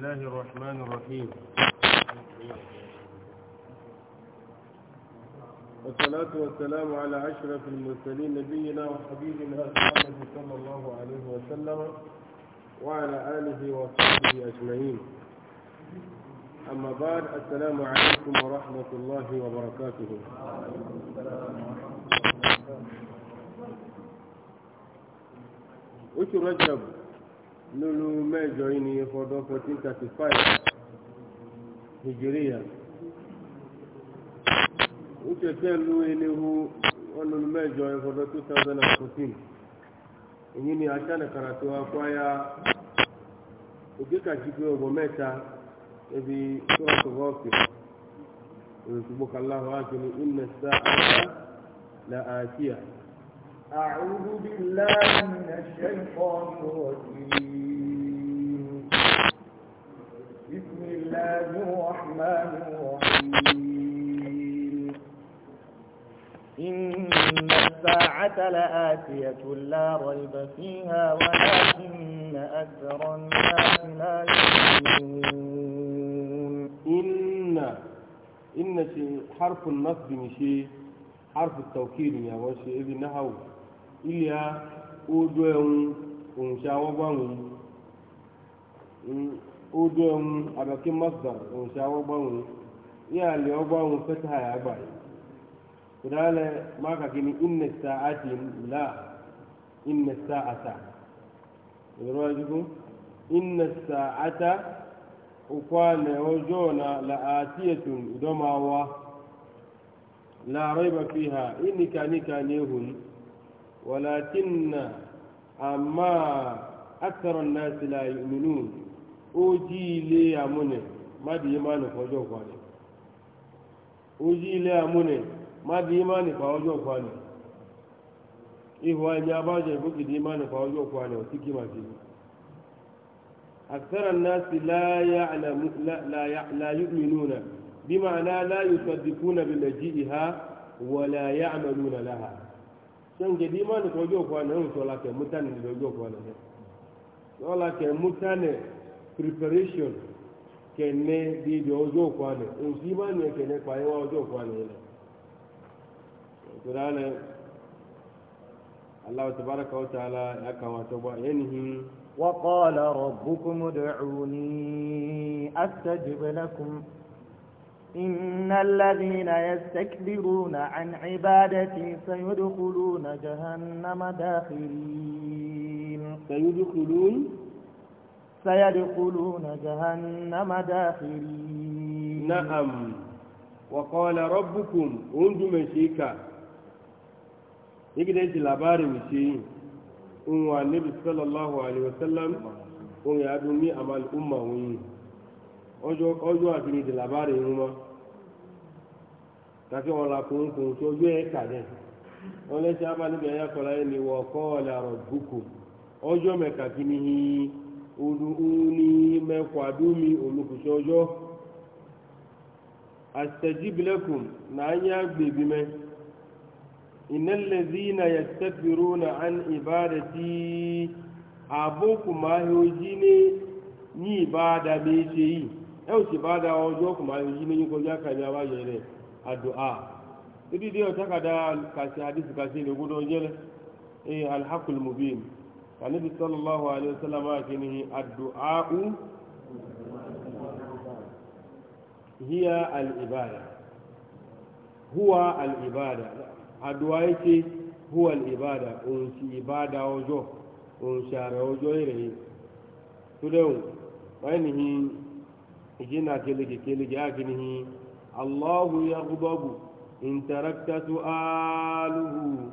الله الرحمن الرحيم والصلاة والسلام على أشرف المرسلين نبينا وحبيبنا محمد صلى الله عليه وسلم وعلى آله وصحبه أجمعين أما بعد السلام عليكم ورحمة الله وبركاته وشو رجب lóru mẹ́jọ yìí ni fọdún 1435 Nigeria ó ṣe pẹ̀lú eléwu ọlọ́run mẹ́jọ fọdún 2014 èyí ni aṣánàkàrà tó akwáyà òkèkàṣípé ọgbọ̀n mẹ́ta ebi tó ọ̀tọ̀wọ́ ọ̀fẹ́ òṣùgbọ́n kàláhùn ákì ní ìnà sáà لآتية أعوذ بالله من الشيطان الرجيم الله الرحمن الرحيم إن الساعة لآتية لا ريب فيها ولكن أكثر الناس لا يؤمنون إن إن شيء حرف النصب مشي حرف التوكيد يا وشي إذن نحو إليا أودوهم ومشاوبهم udum abakin masdar in sha ogbanwu iya le ogbanwu fata ya gbaye kudale maka gini inna sa'atin la inna sa'ata ibro jiku inna sa'ata ukwane ojona la atiyatun idomawa la raiba fiha inika nika nehun walakinna amma akthara an-nas la yu'minun ojí ilé amúnẹ̀ mádìí má nìfà ọjọ́ ìfàlẹ̀ ojí ilé amúnẹ̀ mádìí má nìfà ọjọ́ ìfàlẹ̀ ihò ẹni abájọ ìfúkìdí má nìfà ọjọ́ ìfàlẹ̀ ọ̀tí kí màá ti أكثر الناس لا يعلم لا لا, لا يؤمنون بمعنى لا يصدقون بمجيئها ولا يعملون لها shan gidi ma ni ko jo ko na so la ke mutane do jo ko na so la ke mutane preparation kẹne di ibi ọjọ́ òkú àná òsì má ní ẹkẹne pààyàn wá ọjọ́ òkú àná yẹn ìtura lẹ aláwọ tẹbára kàwọ tẹ tọgbà yẹn nìyí. وقال ربكم ادعوني أستجب لكم إن الذين يستكبرون عن عبادتي سيدخلون جهنم داخرين سيدخلون سيدخلون جهنم داخرين نعم وقال ربكم انذ مشيكا يجد لباري مشي هو النبي صلى الله عليه وسلم هو يدومي أما الأمة وين ọjọ́ ọjọ́ àfihàn làbárè ń mọ́ kàfi wọn la kùnkùn tí ojú ẹ̀ kà dẹ̀ wọn lẹ́sẹ̀ abánibẹ̀ ẹ̀yà ud'uni mekwado olukusojo astajib lakum na anya gbebi me innal ladhina yastakbiruna an ibadati aboku ma hoji ne ni ibada be se yi e o si ibada ojo ku ma hoji ne ni ko ja ka ja wa yere addu'a idi de o takada kasi hadisi kasi le gudo jele eh al haqul mubin kanibi sallallahu alaihi wasallam akini addu'a hiya al-ibada huwa al-ibada addu'a yake huwa al-ibada on si ibada ojo on share ojo ire tudau bayanihi ijina kelege kelege akini Allahu yaghdabu in tarakta su'aluhu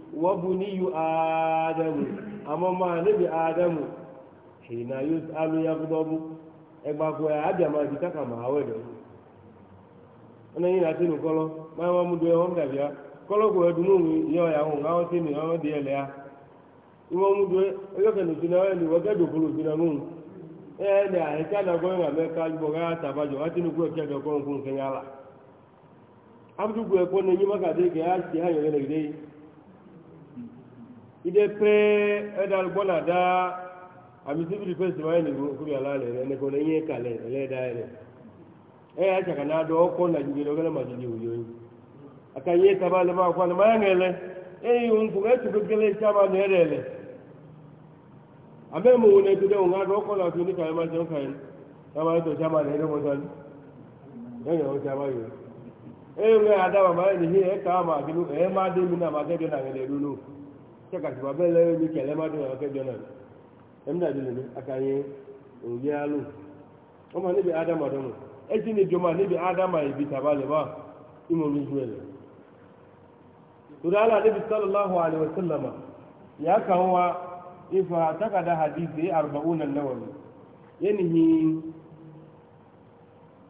wa bụ adamu àmọ́ máa níbi adamu hìnà yóò alu yagudọ́bù ẹgbà fún ẹ àbí àmọ́ àti káka máa wẹ̀ yìí do ya kọ́lọ́ kò ẹdùn mi yọ ọ̀yà hùn káwọn Onye mi ọ̀hún di ẹ lẹ́yà ìwọ́n mú do ẹ ẹgbẹ́ náà ẹni wọ́n kẹ́dùn fún òfin náà mú ẹ ẹni àyẹ̀kẹ́ àdàgbọ́n ìwà mẹ́ka gbọ́ ká tàbájọ wá sínú kú ẹ̀kẹ́ àdàgbọ́n fún kẹ́ńyà la abudugbo ẹ̀kọ́ ní ẹ̀yìn ide pee edal gbona da amisi biri pesi ma ni kuri ala le ne ko ne ye kale le da e ya chaka na do ko na jige do ma jige uyo yi aka ye ta ba le ma ma e ku ga tu gele cha ma ne re le abe ne tu de do ko la tu ni ka ma jo ka ni ta ma to cha ma ne mo san ne yo cha yo e ada ma ni he ka ma lu e ma de mi na ma de na lu lu kẹkàtì bàbá ẹlẹ́yìn mi kẹlẹ́ má dùn ọ̀kẹ́ jọ náà ẹ̀mí náà dùn ní akanyẹ òye alò ọmọ níbi ádámà dọ́nù ẹtí ni jọmọ níbi ádámà ìbí tàbá lè wá ìmọ̀ mi ju ẹ̀lẹ̀ torí àlà níbi sallallahu alayhi wa sallam yà kàn wá ifa takada hadithi arba'una nawawi yanihi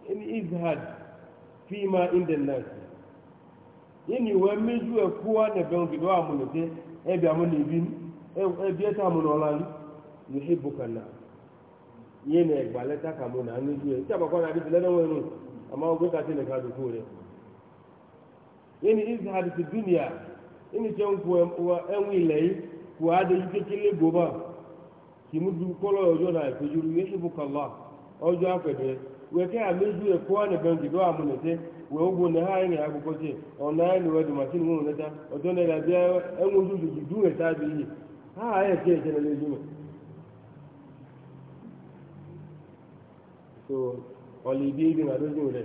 yani izhad fima inda nas yani wa miju ekuwa na bengi do amunete ebi amụ na ibi ebi e, eta mụ n'ọla m yuhi ihe na-egba leta ka mụ na anyị jue ntị agbakwa na adịbi lena nwere ama ogwe ka na neka dukwu re yini izi hadisi dunia ini chen kuwa e, enwe ilei kuwa ade yike kele goba dị na akwede e amụ wee ụgwọ na ha anyị na-agụkọchi ọna anyị na wedụ maka inwe nweta ọjọ na-ere abịa enweghị ụzọ jiju taa abịa ihe ha anyị eche eche na n'ezi nwe so ọlịbi ibi na dozi nwere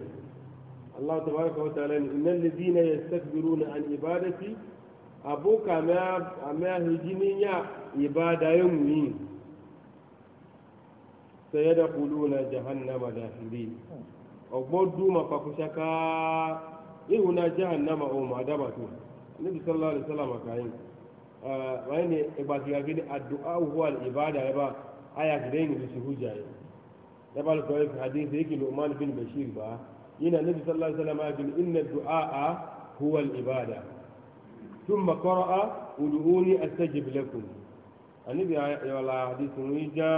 Allah tabaraka wa ta'ala ni innal ladina na an ibadati abuka ma ma hijininya ibada e yanwi jahannama ogbodu mafakushaka ihu na jahannama o ma daba tu nabi sallallahu alaihi wasallam kayin ah, wani ne ibati ga gidi addu'a huwa al-ibada ya ba aya gidaini bi shi hujaye ya ba ko yi hadisi yake Luqman bin Bashir ba yana nabi sallallahu alaihi wasallam ya gidi inna du'a huwa al-ibada ثم قرأ ادعوني استجب لكم النبي يا الله حديث ويجا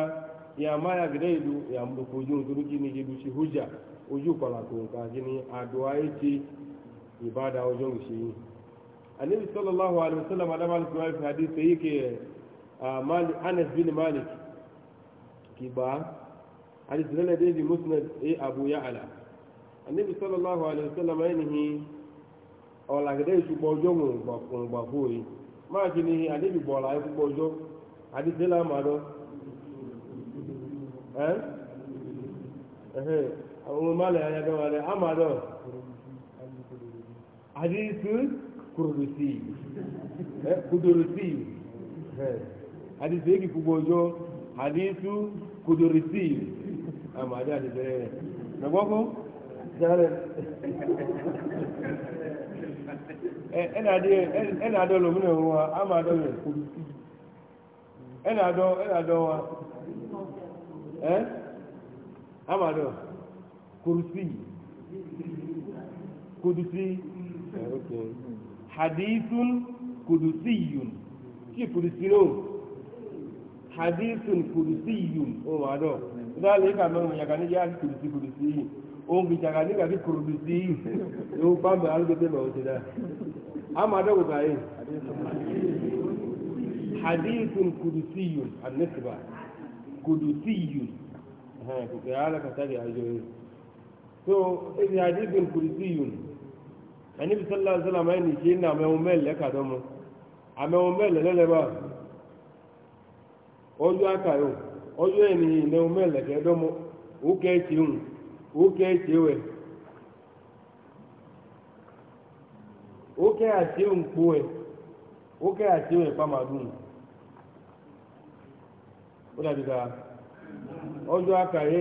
يا ما يا غديدو يا مدكوجو تركي نيجي بشي حجه ojú kọlàkù nǹkan kí ni àdùá ètè ìbáda ọjọ́ òṣè yìí anabi sallallahu alayhi wa sallam adama alayhi wa hadith sayi ke bin malik kiba hadith lana david musnad a e abu ya'ala anabi sallallahu alayhi wa sallam ainihi ọ̀làgídé ìṣùgbọ́ ọjọ́ òǹgbàfó yìí máa kí ni anabi bọ̀ọ̀là ìṣùgbọ́ ọjọ́ hadith lana màdọ́ ẹ́ àwọn mọ́lẹ̀ ayagama rẹ̀ amadọ́ àdísù kùrùsì kùdùrùsì àdísù èkì gbogbo ọjọ́ àdísù kùdùrùsì amadọ́ àdísù rẹ̀ nàgbọ́kọ́ jẹ́rẹ̀ ẹ̀nà àdọ́ lòmìnà wọn amadọ́ rẹ̀ kùdùrùsì ẹ̀nà àdọ́ wa ẹ́ amadọ́ rẹ̀ kùrùsí kùdùsí ah, hadithun kùdùsí yùn kí kùdùsí ló hadithun kùdùsí yùn ó wà dọ̀ nígbà lè kà mẹ́rin yàgà ní yá kùdùsí kùdùsí yìí òun kì í jàgà nígbà kí kùdùsí yìí me bá mi alùpùpù mẹ́wọ́ ti dá amadu kò káyé hadithun kùdùsí yùn àdínẹ́sìbà kùdùsí yùn kò kẹ́ alẹ́ kàtàkì àjọ yìí. so ebi hadithin kurisiyun anibi sallallahu alaihi wasallam ẹni ṣe ní àmẹ́wọn mẹ́lẹ̀ kàdọ́mọ àmẹ́wọn mẹ́lẹ̀ lẹ́lẹ́bà ọjọ́ akayọ ọjọ́ ẹni ìnẹ́wọn mẹ́lẹ̀ kẹ́dọ́mọ òkè ṣeun òkè ṣewẹ̀ òkè àṣeun kpó ẹ̀ òkè àṣeun ẹ̀ pàmàdùn ó dàbí ká ọjọ́ akayọ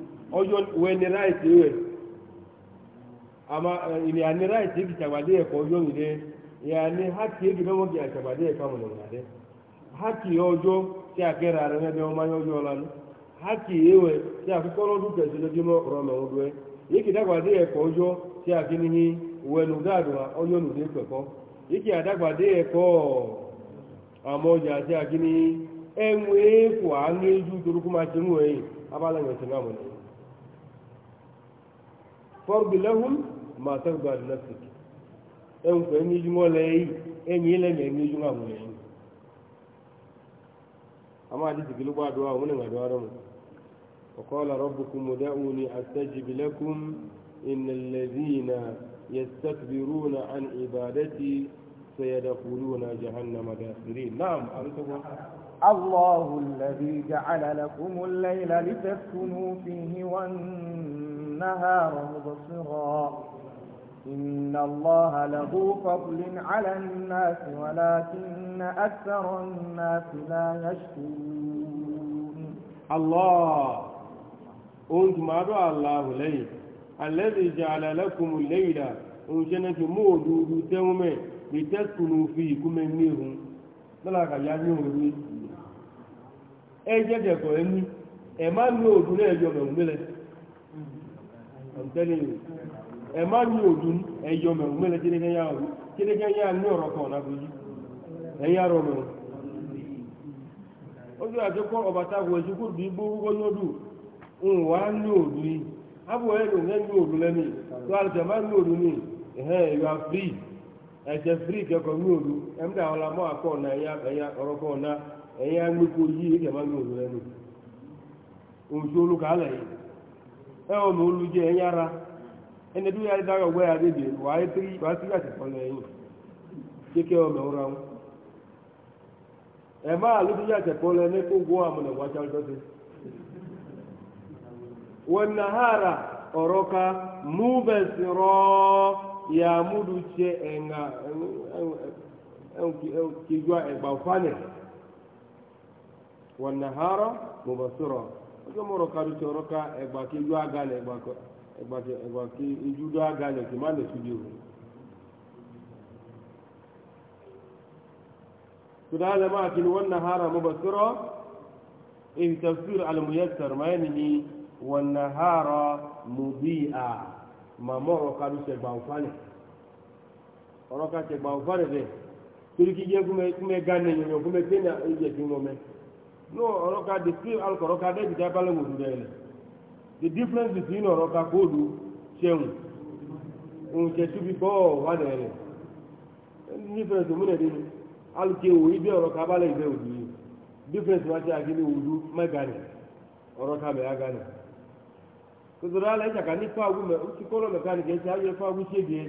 Ojo wẹni ráìtì rẹ̀ àmà ìrìn àní ráìtì èkì sàgbàdé ẹ̀kọ́ ọjọ́ mi dẹ́ ìyá ní hákì èkì bẹ́ẹ̀ mọ́kì àṣàgbàdé ẹ̀ka mọ̀nà mọ̀nà dẹ́ hákì ọjọ́ tí a kẹ́ra rẹ̀ mẹ́bẹ́ ọmọ ayé ọjọ́ ọ̀la ní hákì ewẹ̀ tí a fi kọ́lọ́ dúkẹ́ sí lójúmọ́ ọ̀rọ̀ mẹ́wọ́n dúẹ́ èkì dàgbàdé ẹ̀kọ́ ọjọ́ tí a fi níhi wẹnu gáàdùn ọjọ́ nùdé pẹ̀kọ́ èkì àdàgbàdé ẹ̀kọ́ àmọ́ ọjà ju torúkú máa ti mú ẹ̀yìn abálẹ̀ فرب لهم ما ترضى لنفسك ان فني جمولي ان يلم ان يجمع مولين اما دي تقلوا بعد دعاء من دعاء وقال ربكم ادعوني استجب لكم ان الذين يستكبرون عن عبادتي سيدخلون جهنم داخرين نعم الله الذي جعل لكم الليل لتسكنوا فيه والنهار والنهار مبصرا إن الله له فضل على الناس ولكن أكثر الناس لا يشكرون الله أنت ما أدعى الله لي الذي جعل لكم الليل أنشنك مودود تيومي لتسكنوا فيه كمن نيهم lọ́làkà ya ní òru ẹ jẹ́ jẹ́kọ̀ọ́ ẹni ẹ má ní òdu náà E ma ẹ̀ma ní òdùn ẹ̀yọ mẹ́wọ̀n mẹ́lẹ̀ jẹ́nẹ́gẹ́ yá ọ̀rọ̀ jẹ́nẹ́gẹ́ yá ní ọ̀rọ̀ kan náà fojú ẹ̀yà rọ̀ mẹ́wọ̀n. ó sì àti kọ́ ọba táwọn ẹ̀sùn kò dùn igbó wọ́n yóò dùn ń wá you are free free ma ẹwọ mi olu jẹ ẹyìn ara ẹni tó yára dára ọgbẹ yàrá bèbè wàá yẹ tiri wàá tiri àti pọlọ ẹyìn kékeré ọmọ ẹwọ ra wọn ẹ máa ló tiri àti pọlọ ẹni kó gbọ́ àmọ́ ẹ̀ wájà lọ́sẹ̀ wọn nàhárà ọ̀rọ̀ ka mú bẹ̀sì rọ yàmúdu tse ẹ̀ǹgà ẹ̀ǹkì ẹ̀gbà fanẹ̀ wọn nàhárà mú bẹ̀sì rọ yọmọrọ kadu tẹ ọrọ ka ẹgbà kí ijó aga lẹ ẹgbà kọ ẹgbà kí ẹgbà kí ijó dọ aga lẹ kì má lẹ sùdìó tudaa lẹ máa kiri wọn nahara mo bẹ sọrọ èyí tafsir alimuyasar maye nìyí wọn nahara mo bí a màmá ọrọ kadu tẹ gbà òfàlẹ ọrọ ka tẹ gbà òfàlẹ bẹ torí kí jẹ kúmẹ gánà yẹn kúmẹ tẹ ní ìjẹ tí wọn mẹ no ọ̀rọ̀ ka describe alukọ̀rọ̀ ka dẹ́bi dá balẹ̀ wò dúdú the difference between ọ̀rọ̀ ka kóòdù ṣẹ̀wù òun ṣẹ̀tú bí bọ́ wà dẹ̀ ẹ̀lẹ̀ difference òmùnà dé ni alùkè wò ibi ọ̀rọ̀ ka balẹ̀ ìbẹ̀ òdù yìí difference wá ṣe àgbélé òdù mẹ́gànì ọ̀rọ̀ ka mẹ́ agànì tòtòrò alẹ́ ìjàkà ní fáwù mẹ́ ti kọ́lọ̀ mẹ́kánìkì ẹ̀ṣẹ̀ ayé fáwù ṣèdè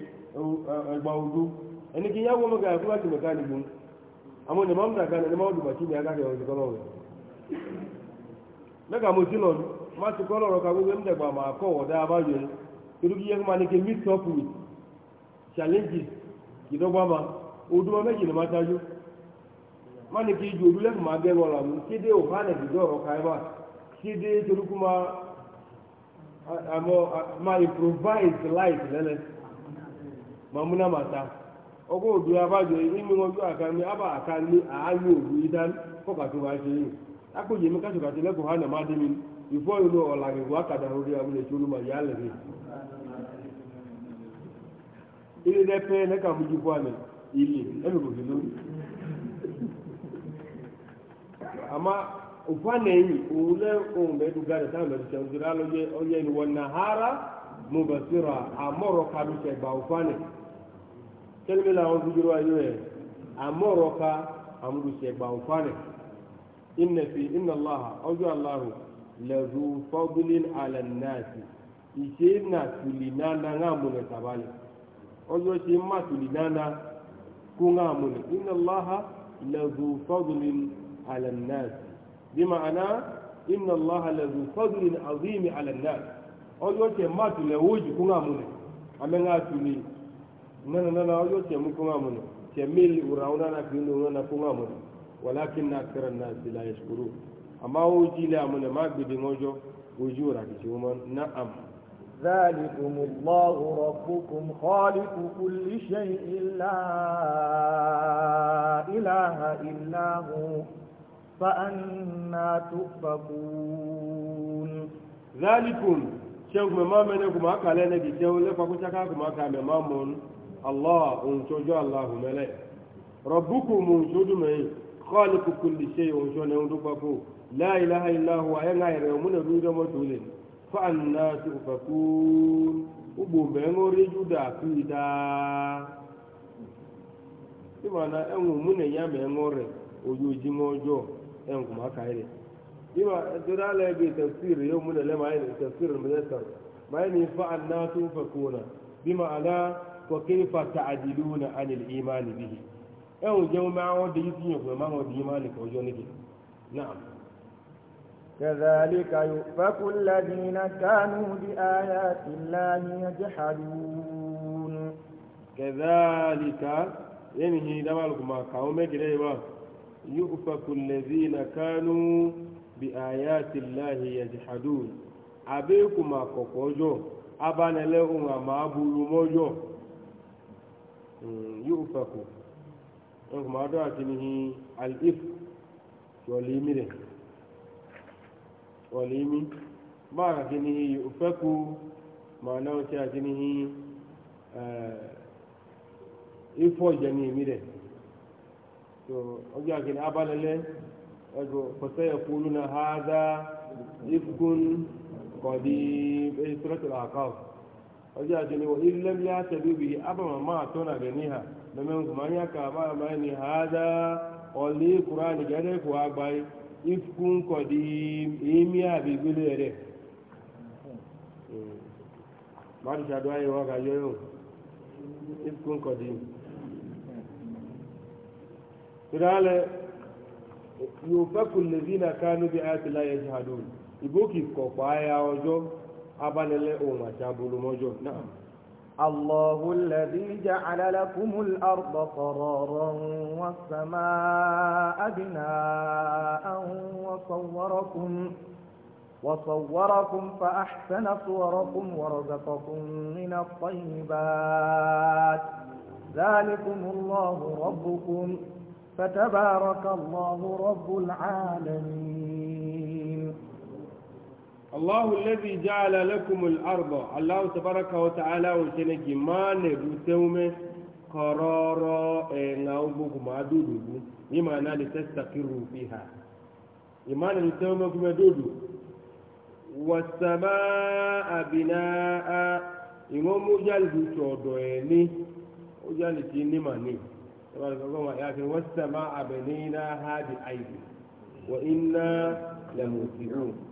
ẹgbà òdù ẹnìkì yàwó mẹ́kánìkì àmọ́ ní mọ́mùdà kan ní mọ́mùdù màtí ní agáfẹ́ ọ̀dùkọ́lọ́wẹ̀ mẹ́ka mo ti lọ ní má ti kọ́ ka gbogbo ẹ̀mí dẹ̀gbà máa kọ́ ọ̀dà abájọ yẹn torí yẹn máa ní kí up with challenges ìdọ́gba ma odúmọ méjì ni má dájú má ní kí ju olúlẹ̀ fún ma gẹ́ wọn làwọn kéde òhánẹ̀ dídọ́ ọ̀rọ̀ ká kéde máa improvise life lẹ́lẹ́ máa múná máa ta ọgbọ́n òdu abájọ yẹn ní wọn òdu yìí dání akpọji eme kacha kacha lekọ ha na amadị m ifo olu ọla gị bụ akada hụrụ ya bụ na-eche olu ma ya lere ili na epe na ka bụ jikwa na ili emegoghị n'olu ama ụfa na-enyi ule ombe dugara ta mere che ndụrụ alụghị onye niwo na hara mubasira amọrọ kaduche gba ụfa na kelemela ahụ dugoro ayọ ya amọrọ ka amụrụche gba ụfa na inna fi inna allaha ọjọ́ aláhu lẹ́rù fọ́bílín alẹ́nàásì ìṣe na tùlì nánà ńàmúlẹ̀ tàbálẹ̀ ọjọ́ ṣe má tùlì nánà kú ńàmúlẹ̀ inna allaha lẹ́rù fọ́bílín alẹ́nàásì bí màánà inna allaha lẹ́rù fọ́bílín azimi alẹ́nàásì ọjọ́ ṣe má tùlẹ̀ wójú kú ńàmúlẹ̀ amẹ́ńà tùlì nánà nánà ọjọ́ ṣe mú kú ńàmúlẹ̀ ṣe mí ولكن akthara an-nasi la yashkurun amma wuji la mun ma gidi ngojo wuju ra ذلكم الله ربكم خالق كل شيء لا إله إلا هو فأنا تؤفكون ذلكم شوف ما منكم أكل نبي شوف لفكم شكاكم أكل مامون الله أنتجو الله ملك ربكم أنتجو ملك خالق كل شيء وشون يندبكو لا إله إلا هو أين غير يومنا بيجا مدولين فأنا تؤفكون وبوبين ورجودا كيدا ìmọ̀nà ẹ̀wọ̀n múnẹ̀ yá mẹ́ngọ́ rẹ̀ ojoojúmọ́ ọjọ́ ẹ̀wọ̀n kò má ka ẹ̀rẹ̀ ìmọ̀ ẹ̀dọ́dá lẹ́bi tẹ̀síìrì yóò múnẹ̀ lẹ́mọ̀ ayé tẹ̀síìrì mẹ́tẹ̀ẹ̀tà máa ní fa àná tó ń fẹ̀kọ́ náà bí mà àná kọ̀kí fa tàdílù náà ànìlì ìmọ̀ ànìbíyìí ẹ̀hùn jẹun bá wọn dé yìí fìyàn fún ẹ má wọn dé yìí má lè kọjọ níbi náà. كذلك يؤفك الذين كانوا بآيات الله يجحدون كذلك ينهي دمالكما كاومي كريبا يؤفك الذين كانوا بآيات الله يجحدون أبيكما كوكوجو أبانا لهم ما بولو موجو يؤفكوا ẹkùn máa dọ́ àti ní alif wọ̀lẹ́mí rẹ̀ eh, wọ̀lẹ́mí máa àti ní òfẹ́kù máa náà ṣe àti ní ifọ̀ ìjẹni mi rẹ̀ ọjọ́ àti ní abálẹ́lẹ́ ẹgbẹ́ pẹ̀sẹ́ ẹ̀kú lónà háàdá ifkun kọ̀dí ẹ̀yìn sọ́rọ̀tì àkáwọ̀ ọjọ́ àti ní wọ́n ilẹ̀ ńlá tẹ̀lé bí abàmà rẹ̀ níhà domin kuma ya ka ba ni hada oli qur'an gare ku abai ifkun qadim imi abi gile re ma ti jadu ayi wa ga yo ifkun qadim tirale yufaku la yajhadun iboki ko pa ya ojo abalele o ma jabulu mojo الله الذي جعل لكم الأرض قرارا والسماء بناء وصوركم وصوركم فأحسن صوركم ورزقكم من الطيبات ذلكم الله ربكم فتبارك الله رب العالمين Allahu alladhi ja'ala lakumul arda Allahu tabaraka wa ta'ala wa teneki mane duteume kororo e ngaubu kuma dudubu ima na li tastaqiru fiha imana duteume kuma dudu wasamaa binaa imamu jalbu chodo eni ujali tini mani tabaraka wa ta'ala wasamaa binaha bi aidi wa inna lamusiun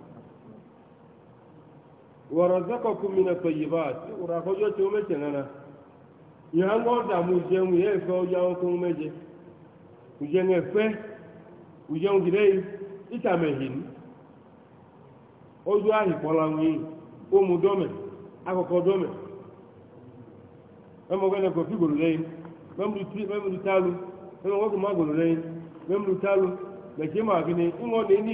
ورزقكم من الطيبات وراكوجو تومتنا يا غودا موجيم يفو يوكم مجي وجين يفه وجين غيري itamehin ojú àhìpọ̀lá ń yìí ó mú dọ́mẹ̀ akọ̀kọ̀ dọ́mẹ̀ mẹ́mọ̀gbẹ́nà kò fi gòrò lẹ́yìn mẹ́mọ̀lú tálù mẹ́mọ̀gbẹ́nà kò má gòrò ni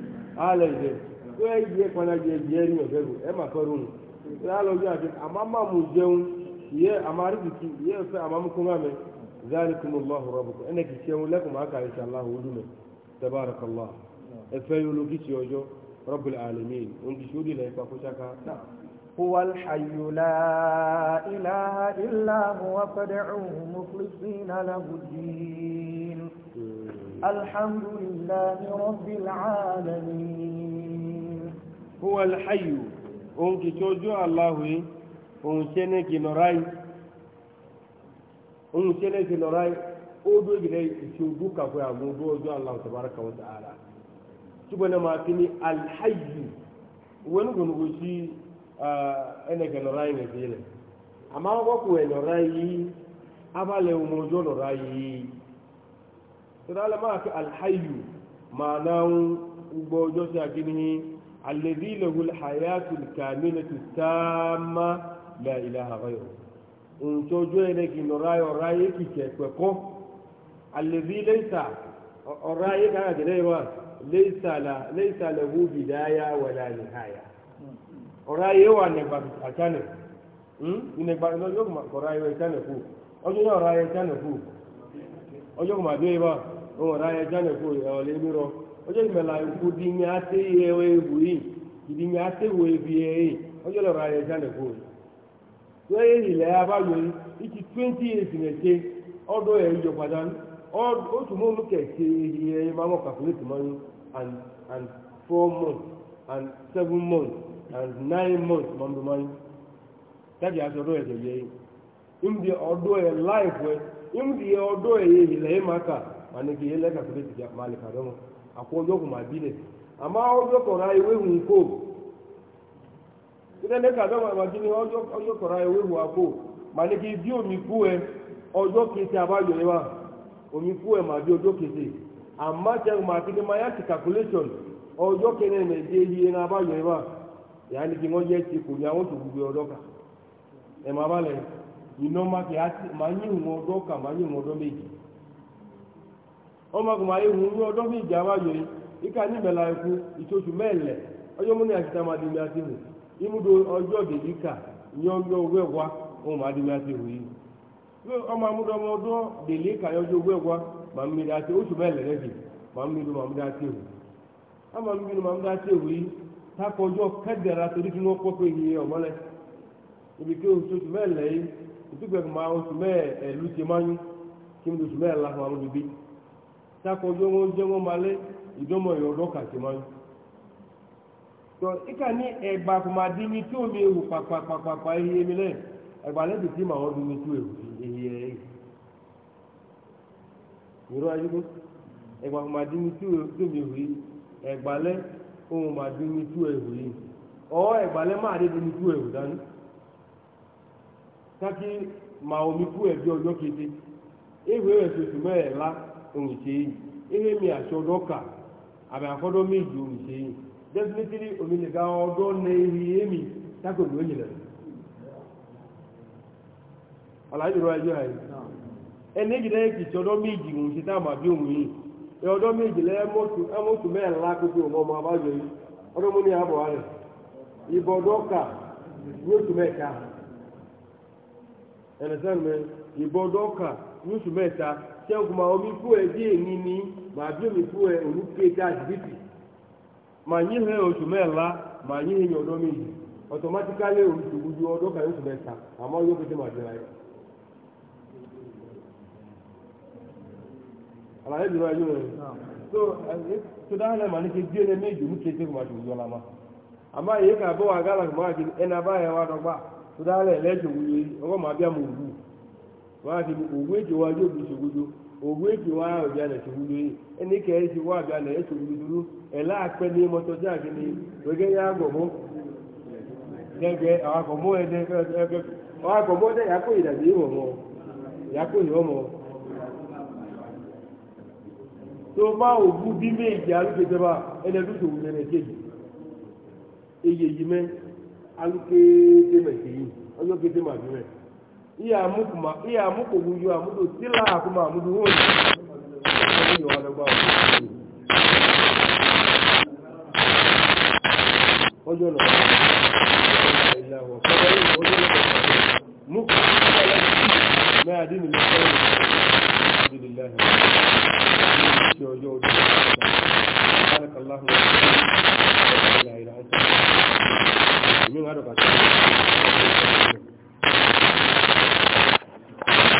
alẹ́ ìjẹ́ tó ẹ yẹ kpanadìẹ diẹ ní ọ̀fẹ́ kò ẹ má fẹ́ ronú ẹ alọ́jọ́ àti àmàmàmù jẹun yẹ àmàrídìkì yẹ fẹ́ àmàmùkúnmámẹ́ zalikum allah rabukum ẹnẹ kì í ṣe wọn lẹ́kùn máa kà ìṣe allah olúmẹ tabarakallah ẹ fẹ́ yóò lókì ṣe ọjọ́ rabbul alamin ohun ti ṣe ó dìlẹ̀ ipa kó ṣáká náà. هو الحي لا إله إلا هو فادعوه مخلصين له الدين الحمد لله رب العالمين هو الحي أنك توجو الله أنشنك نراي أنشنك نراي odo gidai shugu ka ko amu do jo Allah tabaraka wa ta'ala tubana ma kini alhayy wani gun gushi ene ga norai ne dile amma ko ko norai abale umojo norai sọdọ́lá máa fi alhayu màánà ń gbọ́ ọjọ́ sí àgínní alẹ́dí lẹ́hùn hayatu kàmínà ti sáàmà la ilaha ghayru ntọ́jú ẹ̀rẹ́ kì nọ ráyọ̀ ráyé kì kẹ̀kẹ́ kọ́ alẹ́dí lẹ́sà ọ̀ráyé kára tẹ̀lé wa lẹ́sà lẹ́hùn bìdáyà wàlá nìhàyà ọ̀ráyé wà nẹ̀gbà àtànẹ̀ hmm? ìnẹ̀gbà lọ́jọ́ kọ̀ọ̀ráyé wà ìtànẹ̀ kù ọjọ́ náà ọ̀ráyé ìtànẹ̀ kù ọjọ́ kọ̀ọ̀mà ora ya jane ko ya ole mịrọ oje mela ku dinya te ye we bui dinya te we bi e oje lo ra ya jane ko so years ne te odo e jo padan o tu mo mu ke calculate money and and 4 months and 7 months and 9 months money e je ye imdi odo e life we imdi odo e ye ile maka mana ke yele ka kule tiga mali ka don ako yo kuma bile ama o yo ko rai we hun ko ina ne ka don ma kini o yo o yo ko rai we hu ako mana ke bi omi ku e ojo kete abayo le wa omi ku e ma bi ojo kete ama je ma kini ma ya ti calculation ojo kene me je yi na abayo le wa ya ni ki won je ti ko ni àwọn to gbe odo ka e ma ba le iná má kí á ti má yín wọn ọdọ kà má yín wọn ọdọ méjì ọmọkùnmá ihu ní ọdọ́ fún ìjà wáyé yìí ìka ní mẹ́la ikú ìtòsù mẹ́lẹ̀ ọjọ́ múni àti tamadìmí àti hù ìmúdo ọjọ́ nye kà yọ̀nyọ̀ owó ẹ̀wá ọmọ màdìmí àti hù yìí ọmọ amúdọ́ ọmọ ọdọ́ dèlé kà yọjọ́ owó ẹ̀wá ama mi dá sí èwì takọjọ kẹdẹrà torí kí wọn kọkọ èyí ọmọlẹ ibi máa sako jongo jongo male idomo yodo katimalu tọ ika ní ẹgbà kùmà dín ní dị omi ihe mi tí màá ọdún ní tí ewu ihe ẹ ìró ayélujú ẹgbà kùmà dín ní tí omi ewu yìí ẹgbà le ohun màá dín ní tí le ma ma omi ọjọ ewu ewe e e la. onyicheyi ihe mi achọ ọdọ ka àmì àfọdọ méjì onyicheyi definitely ominiga ọdọ na ehi emi tako ni onyere àlàyé ìrora ẹjọ ẹ ẹni ìjìnlẹ ìkìtì ọdọ méjì onyicheyi tá a máa bí ya yìí ẹ ọdọ méjì lẹ ẹmọtò mẹ́rin lákòókò ọmọ ọmọ abájọ ya ọdọ mú ní ka ka sẹ́gun ma omi fún ẹ bí èmi ni màá bí omi fún ẹ òun pé gáàsì bìtì màá yí hẹ oṣù mẹ́ẹ̀lá màá yí hẹ ọdọ́ méjì ọ̀tọ̀mátíkálẹ̀ òun ti wújú ọdọ́ kan oṣù mẹ́ta àmọ́ yóò fi ṣe màá jẹ́ láyé. àlàyé dùn ayé rẹ̀ so tó dáhùn náà màá ní ṣe díẹ̀ méjì mú kété kò má ti wújú ọ̀la ma àmọ́ èyí kà bọ́ wà gálà kò má ti ẹnà náà lẹ́jọ̀ wúyé wọ́n á ti òwú èjò wájú òbí ṣògbójú òwú èjì ahụ ọ̀bíà nà ètò wúlò yìí ẹni kẹ́ ẹ́ ti wá ọ̀bíà nà ètò wúlò dúró ẹ̀lá àpẹ́ ní mọ́tò sí àgbẹ̀ni wẹ́gẹ́ yá gbọ̀mọ́ gẹ́gẹ́ àwọn akọ̀mọ́ bime eji iya muku ma iya muku guyu amudu tila kuma amudu woni yo wala ba ojo lo illa wa